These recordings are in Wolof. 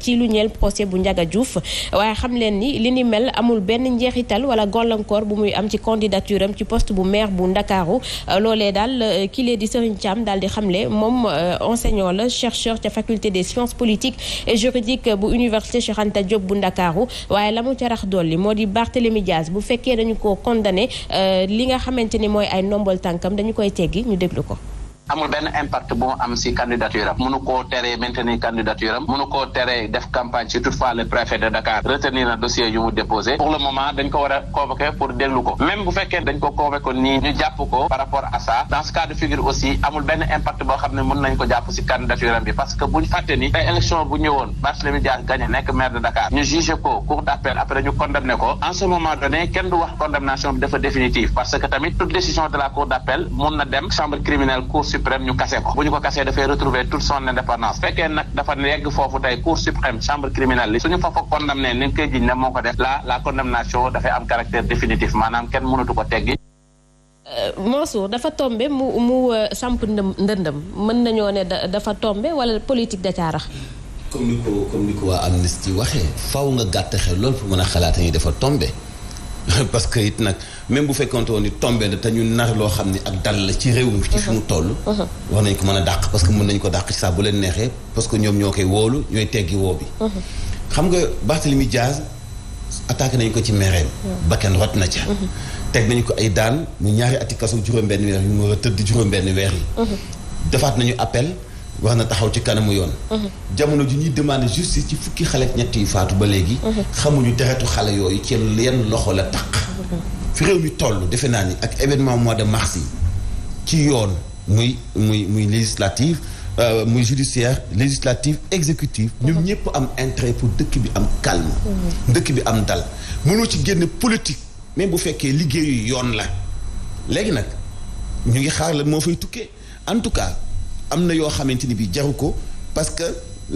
ci lu ñeel procès bu Ndiaga Diouf waaye xam leen ni li ni mel amul benn njeexital wala gàllankoor bu muy am ci candidature am ci poste bu maire bu Ndakaaru euh, loolee daal euh, kile di Serigne Thiam daal di xamle moom euh, enseignant la chercheur ca faculté des sciences politiques et juridiques bu université Cheikh Anta bu Ndakaaru waaye la mu ca rax dolli moo di Barthélémy Dias bu fekkee dañu ko condamné li nga xamante ni mooy ay ndombol tànkam dañu koy teggi ñu déglu ko amul benn impact bu am si candidature am mënu koo teree def campagne si toutefois le préfet de Dakar retenir na dossier yu mu déposé pour le moment dañ ko war a convoquer pour déglu ko même bu fekkee dañ ko convoquer nii ñu jàpp ko par rapport à ça dans cas de figure aussi amul benn impact boo xam ne mën nañ ko jàpp si candidature am bi parce que buñ fàtte ni ay élection bu ñëwoon Barthélémy Dias gagné nekk maire de Dakar ñu jugé ko cour d'appel après tamit toute suprême ñu kase ko bu ñu ko kasee dafay retrouver toute son indépendance fekkee nag dafa yegg foofu tey cour suprême chambre criminelle li suñu fa ko condamné ni koy jiñ ne moo ko def la la condamnation dafay am caractère définitif maanaam kenn mënatu ko teggi euh, Mansour dafa tombe mu mu euh, samp ndëm ndëndëm mën nañoo ne dafa tombe wala politique da caarax comme ni ko comme ni waxee faw nga gàtt xel loolu pour mën a xalaat ni dafa tombe parce que it nag même bu fekkoonte woon ni tombé na te ñu nar loo xam ne ak dal la ci réew mi ci fi mu toll mhm. war nañ ko mën a dàq parce que mën nañ ko dàq ci saa bu leen neexee parce que ñoom ñoo koy woolu ñooy teggi woo mhm. xam nga mi Diaz attaqué nañu ko ci mereem mhm. bakkan rot na ca teg nañu ko ay daan mu ñaari ati kaso juróom-benn weer yi mu war a tëdd juróom-benn weer yi defaat nañu appel wax na taxaw ci kanamu yoon. Mhm. jamono ji ñuy demande justice ci fukki xale ñetti faatu ba léegi. Mhm. xamuñu deretu xale yooyu ci yenn loxo la taq. Mhm. fi réew mi toll defe naa ni ak événement mois de mars yi ci yoon muy muy muy législative euh, muy judiciaire législative exécutive ñoom ñëpp am intérêt pour dëkk bi am calme. dëkk bi am dal mënoo ci génn politique mais bu fekkee liggéeyu yoon la léegi nag ñu ngi xaar la moo fay tukkee en tout cas. am na yoo xamante ni bi jaru ko parce que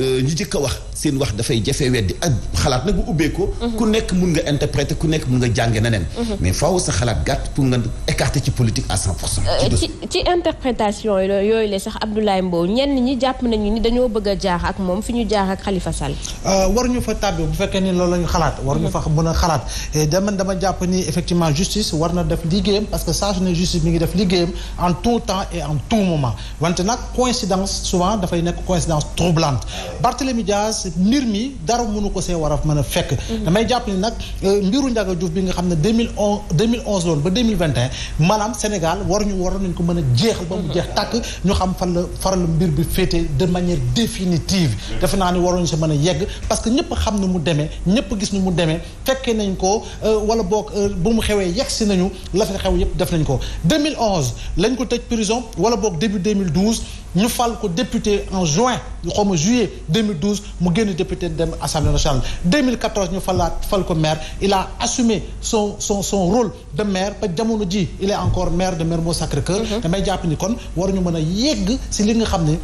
euh, ñi jëkk a wax seen wax dafay jafe weddi ak xalaat nag bu ubbee ku nekk mun nga interpréter ku nekk mun nga jànge neneen mhm. mais faaw sa xalaat gàtt pour nga écarter ci politique à cent pour euh, ci interprétation yooyu la sax Abdoulaye Mbow ñenn ñi jàpp nañu ni dañoo bëgg a jaar ak moom fi ñu jaar ak Khalifa Sall euh, war ñu fa tàbbi bu fekkee ni loolu la ñu xalaat war ñu mhm. fa mën a xalaat dama dama jàpp ni effectivement justice war na def liggéeyam parce que saa su ne justice mi ngi def liggéeyam en tout temps et en tout moment wante nag coïncidence souvent dafay nekk coïncidence troublante Barthélémy Diaz parce que mbir mi dara mënu ko see war a mën a fekk mhm. damay jàpp ni nag euh, mbiru Ndiaga Diouf bi nga xam ne deux mille on deux mille onze loolu ba deux mille vingt et war maanaam Sénégal waruñu waroon nañ ko mën a jeexal ba mu jeex mhm. tàkk ñu xam fan la faral mbir bi féete de manière définitive defe naa ni waruñu sa mën a yegg parce que ñëpp xam ne mu demee ñëpp gis ni mu demee fekkee nañ ko euh, wala book euh, bu mu xewee yegg si nañu la fa xew yëpp def nañ ko 2011 lañ ko tëj prison wala boog début 2012 ñu fal ko député en juin xaw juillet génn député dem assemblée nationale ñu falaat fal maire il assumé son son son rôle de maire ba jamono ji il est encore maire de Mermoz Sacré-Cœur mhm. damay jàpp ni kon waruñu mën a yegg si li nga xam ne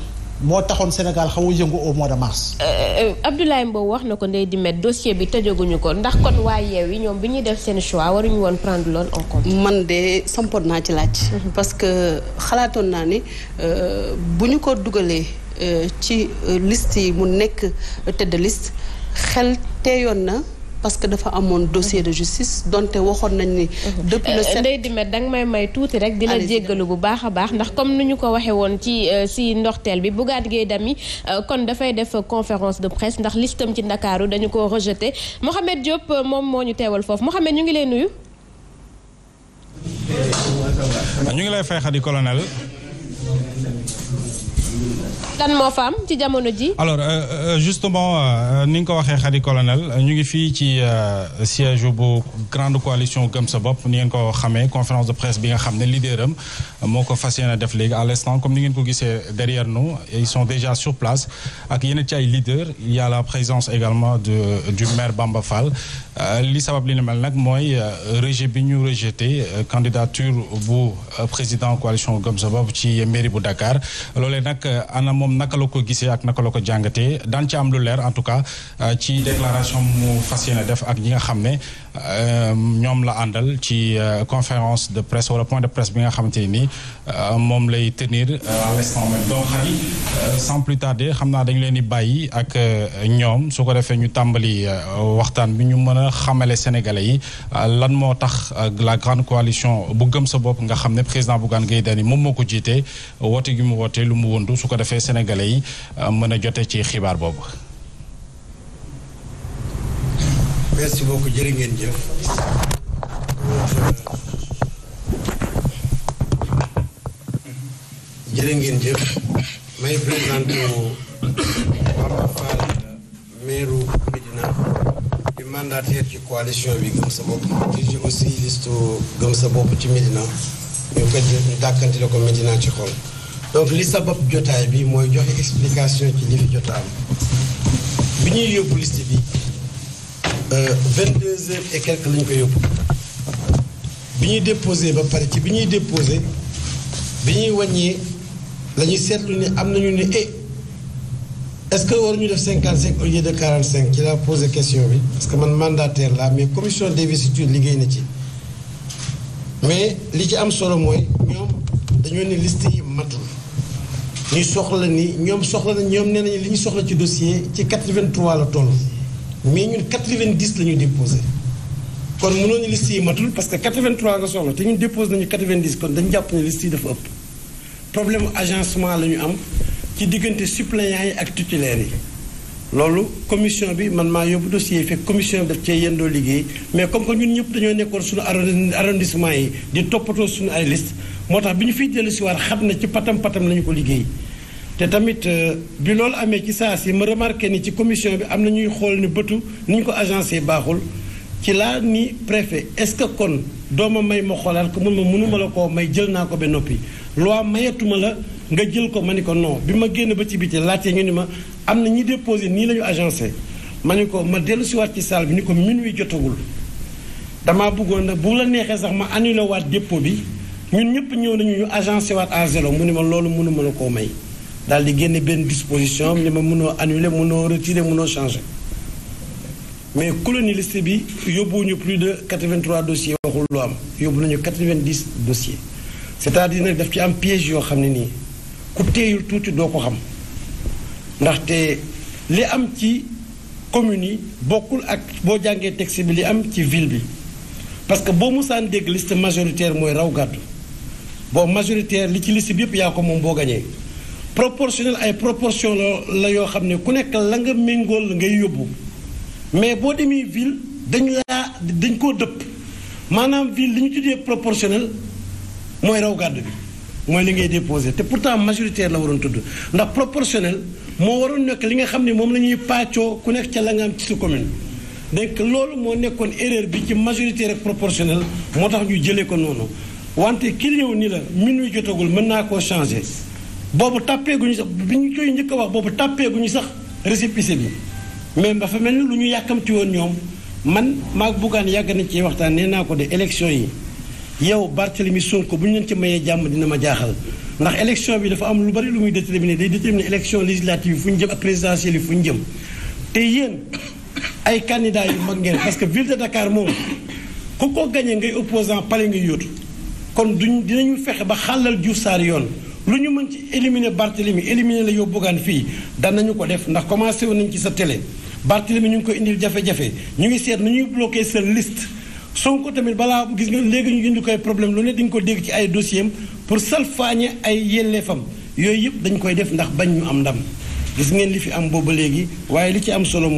moo taxoon Sénégal xaw a yëngu au mois de mars. Euh, euh, Abdoulaye Mbow wax na ko ndey di met dossier bi tëjaguñu ko ndax kon waaye yi ñoom bi ñuy def seen choix waruñu woon prendre lool en compte. man de sampoon naa ci laaj. Mhm. parce que xalaatoon naa ne euh, bu ñu ko dugalee ci list yi mu nekk tête de liste xel yoon na. parce que dafa amoon dossier de justice donte waxoon nañ ni. Mhm. depuis le 7 eh, Ndeye Dimet danga may may tuuti rek. dina jéggalu bu baax a baax ndax comme ni ñu ko waxee woon ci euh, si ndorteel bi Bougane Gueye Dany euh, kon dafay def conférence de presse ndax listam ci Ndakaaru dañu ko rejeté Mouhamed Diop euh, moom moo ñu teewal foofu Mouhamed ñu ngi lay nuyu. ñu ngi lay fay xadi colonel. lan moo fa am ci jamono ji. alors euh, euh, justement euh, ni nga ko waxee xadi colonel ñu ngi fii ci siège bu grande coalition gëm sa bopp ni ngeen ko xamee conférence de presse bi nga xam ne leader am moo ko fas yéene def léegi à l'instant comme ni ngeen ko gisee derrière nous ils sont déjà sur place ak yeneen ci ay leader il y également de du maire Bamba Fall li sabab li ne mel nag mooy rejet bi ñu rejeté candidature bu président coalition gëm sa bopp ci mairie Euh, ana moom naka la ko gisee ak naka la ko jàngatee daan ci am lu leer en tout cas euh, ci déclaration mu fas yéene def ak ñi nga xam ne euh, ñoom la àndal ci conférence de presse wala point de presse bi nga xamante ne nii moom lay tenir à l'instant xam naa dañu leen di bàyyi ak ñoom su ko defee ñu tàmbali waxtaan bi ñu mën a xamale sénégalais yi lan moo tax la grande coalition bu gëm sa bopp nga xam ne président Bougane Gueye Dany moom moo ko jiitee woote gi mu woote lu mu wëndu su ko defee sénégalais yi euh, mën a jote ci xibaar boobu. merci beaucoup jërë ngeen jëf. jërë ngeen jëf may présenté Bamba Fall maire Médina ci coalition bi gëm sa bopp ci aussi liste gëm sa bopp ci Médina ñu ko jël ñu dàkkante ko Médina ci xol donc li sabab jotaay bi mooy joxe explication ci li fi jotaam bi ñuy yóbbu liste bi euh, vingt deux heures et quelque la ñu ko yóbbu bi ñuy déposé ba pare ci bi ñuy déposé bi ñuy wàññee la ñuy seetlu ne am nañu ne eh est-ce war ñu def cinquante cinq au lieu de quarante cinq ci laa posé question bi parce que man mandataire laa mais commission d'investiture liggéey na ci mais li ci am solo mooy ñoom dañoo ne liste yi matul ñu soxla ni ñoom soxla na ñoom nee nañu li ñu soxla ci dossier ci 83 la toll mais ñun 90 la ñu déposé kon mënoo ñu liste yi matul parce que 83 nga soxla te ñun déposé nañu 90 kon dañu jàpp ne liste yi dafa ëpp problème agencement la ñu am ci diggante suppléants yi ak titulaires yi loolu commission bi man maa yóbbu dossier yi fekk commission bi daf cee yendoo liggéey mais comme que ñun ñëpp dañoo nekkoon suñu arrondissement yi di toppatoo suñu ay moo tax bi ñu fiy dellu si xam ne ci patam patam la ko liggéey te tamit euh, bi loolu amee ci saa si ma remarqué ni ci commission bi am na ñuy xool ni bëtu ni ñu ko agencé baaxul ci laa ni préfet est-ce que kon dooma may ma xoolaat ko mun ma mënuma la koo may jël naa ko ba noppi loi mayatuma la nga jël ko ma ni ko non bi ma génn ba ci biti laajte ñu ni ma am na ñi déposé nii la ñu agencé ma ni ko ma dellu si waat ci salle bi ni ko minuit jotagul damaa bëggoon nag bu la neexee sax ma annulé waat dépôt bi ñun ñëpp ñëw nañu ñu agencé waat à mu ni ma loolu mu mënuma la koo may daal di génne benn disposition ni ma mënoo annuler mënoo retirer mënoo changer mais liste bi yóbbuwuñu plus de 83 dossiers waxul lu am yóbbu nañu 90 dossiers c'est-à-dire nag daf ci am piège yoo xam ne nii ku teeyul tuuti doo ko xam ndaxte li am ci communes yi bokkul ak boo jàngee texte bi li am ci ville bi parce que boo musaan dégg liste majoritaire mooy raw gàddu boo majoritaire li ci liste bi yëpp yaa ko moom boo gañee proportionnel ay proportion la yoo xam ne ku nekk la nga méngoon la ngay yóbbu mais boo demee ville dañ laa dañ koo dëpp maanaam ville li ñu tuddee proportionnel mooy raw gàdd bi mooy li ngay déposé te pourtant majoritaire la waroon tudd ndax proportionnel moo waroon nekk li nga xam ne moom la ñuy pàccoo ku nekk ca la nga am ci sa commune donc loolu moo nekkoon erreur bi ci majoritaire ak proportionnel moo tax ñu jëlee ko noonu wante ki ñëw nii la min wi jotagul mën naa koo changé boobu tàppee gu ñu sax bi ñu koy njëkk a boobu tàppee gu ñu sax récépissé bi mais dafa mel ni lu ñu yàkkamti woon ñoom man maag Bougane yàgg nañ ci waxtaan nee naa ko de élection yi yow Barthélemy Sonko bu ñu leen ci mayee jàmm dina ma jaaxal ndax élection bi dafa am lu bari lu muy déterminer day déterminer élection législative yi fu ñu jëm ak présidentielle yi fu ñu jëm te yéen ay candidats yu mag ngeen parce que ville de Dakar moom ku ko gañee ngay opposant pale nga yóotu kon duñ dinañu fexe ba xàllal Diouf Sarr yoon lu ñu mën ci éliminer Barthélemy éliminer la yow Bougane fii danañu ko def ndax commencé woon nañ ci sa télé Barthélemy ñu ngi koy indil jafe-jafe ñu ngi seet nu ñuy bloqué sa liste Sonko tamit balaa gis nga léegi ñu indi koy problème lu ne di ko dégg ci ay dossier pour salfaañe ay yelleefam yooyu yëpp dañ koy def ndax bañ ñu am ndam gis ngeen li fi am booba léegi waaye li ci am solo